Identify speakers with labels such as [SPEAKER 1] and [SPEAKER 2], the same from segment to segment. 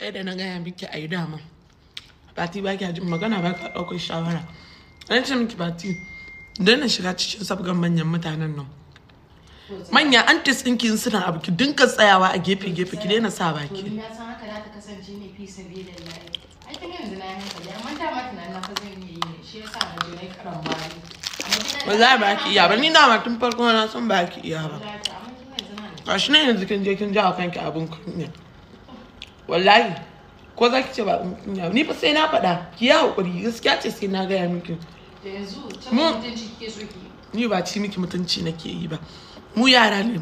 [SPEAKER 1] ɗaya da na gaya miki a yi dama Bati ba ki jin magana ba ka ɗaukar shawara an ce miki fati na shiga cikin sabgan manyan mutanen nan manya antis ɗinki suna abu ki dinka tsayawa a gefe gefe ki daina sa baki na za a ma tunanin zan iya shi ba ki iya ba ni dama tun farko na san ba ki iya ba shi ne yanzu kin je kin ja kanki abin kunya wallahi ko za ki ce ba kunya ni fa sai na faɗa ki ya hakuri gaskiya ce sai na gaya miki da yanzu mutunci kike so ki ni ba ci miki mutunci nake yi ba mu yara ne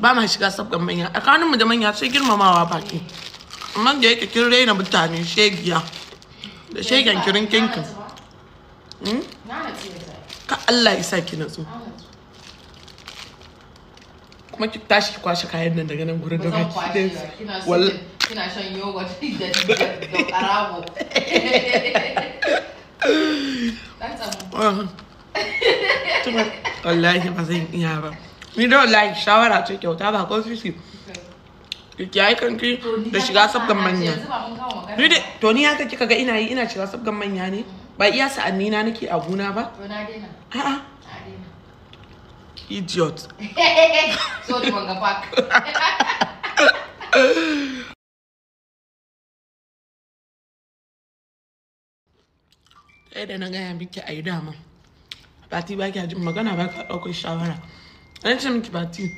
[SPEAKER 1] ba ma shiga sabgan manya tsakanin mu da manya sai girmamawa baki amma da yake kin raina mutane shegiya da shegen kirin kinkin hmm? ka Allah ya sa ki natsu kuma ki tashi ki kwashe kayan nan daga nan gurin da baki kina shan yogurt da wallahi ba zan iya ba ni da wallahi shawara ce kyauta ba ko sisi ki yi kanki da shiga sabgan manya ni da to ni haka kika ga ina yi ina shiga sabgan manya ne ba iya sa'anni nake a guna ba to na a'a idiot so di ɗaya da na gaya miki a yi dama bati ba kya jin magana ba ka ɗaukar shawara an ce miki fati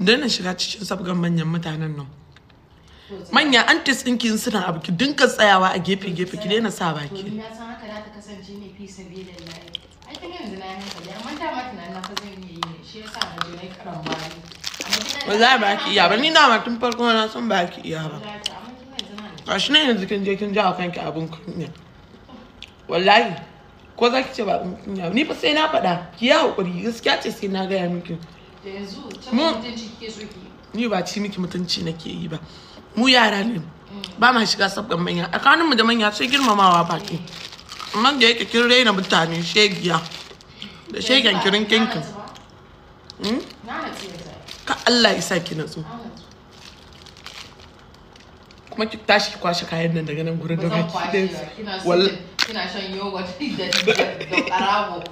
[SPEAKER 1] na shiga cikin sabgan manyan mutanen nan manya antis ɗinkin suna abu ki dinka tsayawa a gefe gefe ki daina sa baki ba za ba ki iya ba ni dama tun farko na san ba ki iya ba shi ne yanzu kin je kin a kanki abin kunya wallahi ko za ki ce ba ni fa sai na faɗa ki ya haƙuri gaskiya ce sai na gaya miki da yanzu ta mutunci so ki ni ba ci miki mutunci nake yi ba mu yara ne ba ma shiga sabgan manya a kanin mu da manya sai girmamawa baki amma da yake kin raina mutane shegiya da shegen kirin kinkin hmm? ka Allah ya sa ki natsu kuma ki tashi ki kwashe kayan nan daga nan gurin da baki da wallahi Suna shan yogurt da karago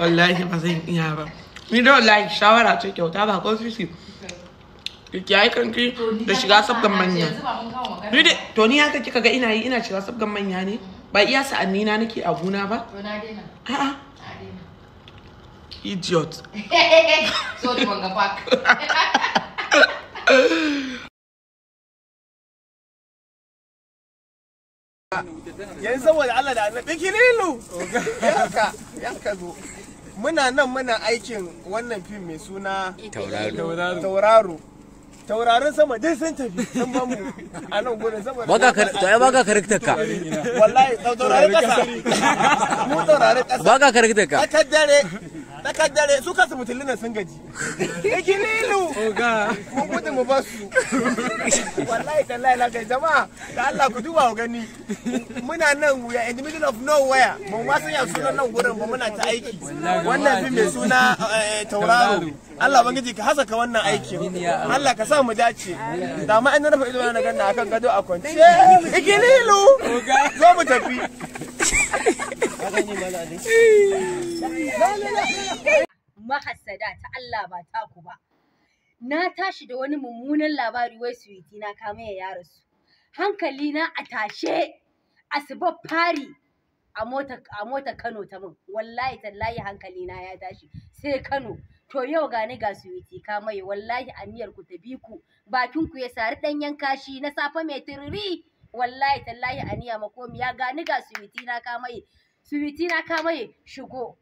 [SPEAKER 1] wallahi ba zan iya ba ni da wallahi shawara ce kyauta ba ko sisi ki yi kanki da shiga sabgan manya ni da to ni haka kika ga ina yi ina shiga sabgan manya ne ba iya sa'anni na nake a gona ba to na daina a'a idiot so da manga pak yanzu saboda Allah da annabi kililu yanka yanka zo muna nan muna aikin wannan fim mai suna tauraro tauraron sama dai sun tafi sun ba mu a nan gurin saboda baka to ai baka karaktar ka wallahi tauraron kasa mu tauraron kasa baka karaktar ka ta dare tsakar dare su kasu mutulli na sun gaji ikililu mun gudu mu ba su wallahi tallahi la kai jama'a da Allah ku duba gani muna nan wuya in the middle of nowhere mun ma san ya sunan nan gurin ba muna ta aiki wannan fim mai suna eh, tauraro Allah bangiji ka hasaka wannan aikin Allah ka sa mu dace da ma an rufe ido na ganna akan gado a kwance ikililu zo mu tafi Mahassada ta Allah ba taku ba. Na tashi da wani mummunan labari wai suwiti na kama ya yaro su. Hankali na a tashe asuba fari a mota Kano ta min. Wallahi tallahi hankali na ya tashi sai Kano. To yau gani ga suwiti kamai wallahi aniyar ku ta bi ku bakin ku ya sari ɗanyan kashi na safe mai tururi wallahi tallahi aniya makomi ya gani ga suwiti na kamai suwiti na ka mai shigo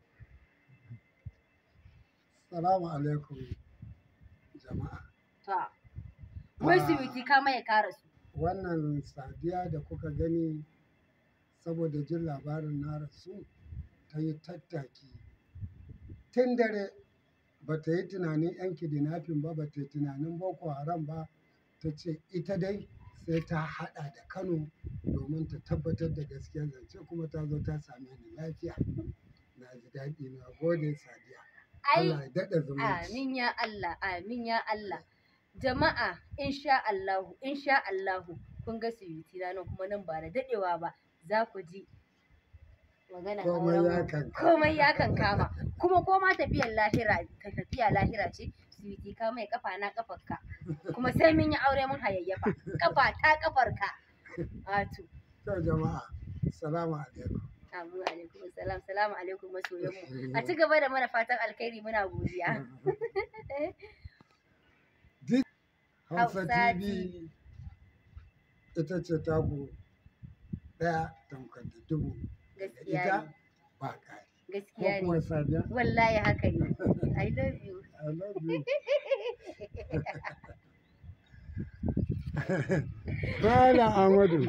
[SPEAKER 1] salamu alaikum jama'a ta ah. wai suwiti ka mai kara su wannan sadiya da kuka gani saboda jin labarin na rasu ta yi tattaki tun dare ba ta yi tunanin yan kidnapping ba ba ta yi tunanin boko haram ba ta ce ita dai sai ta haɗa da Kano domin ta tabbatar da gaskiyar zance kuma ta zo ta same ni lafiya. Na ji daɗi na gode Sadiya. Allah ya daɗa zumunci. Amin ya Allah, amin ya Allah. Jama'a insha Allah insha Allah kun ga siriti na nan kuma nan ba da daɗewa ba za ku ji magana komai ya kan kama kuma koma tafiyar lahira tafiya lahira ce siriti ka mai kafa na kafarka kuma sai mun yi aure mun hayayyafa kafa ta kafar ka wato to jama'a salamu alaikum Amu alaikum salam salamu alaikum masoyan mu a ci gaba da mana fatan alkhairi muna godiya Hausa TV ita ce taku ɗaya tamkar da dubu ita ba ƙari gaskiya ne wallahi haka ne i love you i love you Bala Amadu.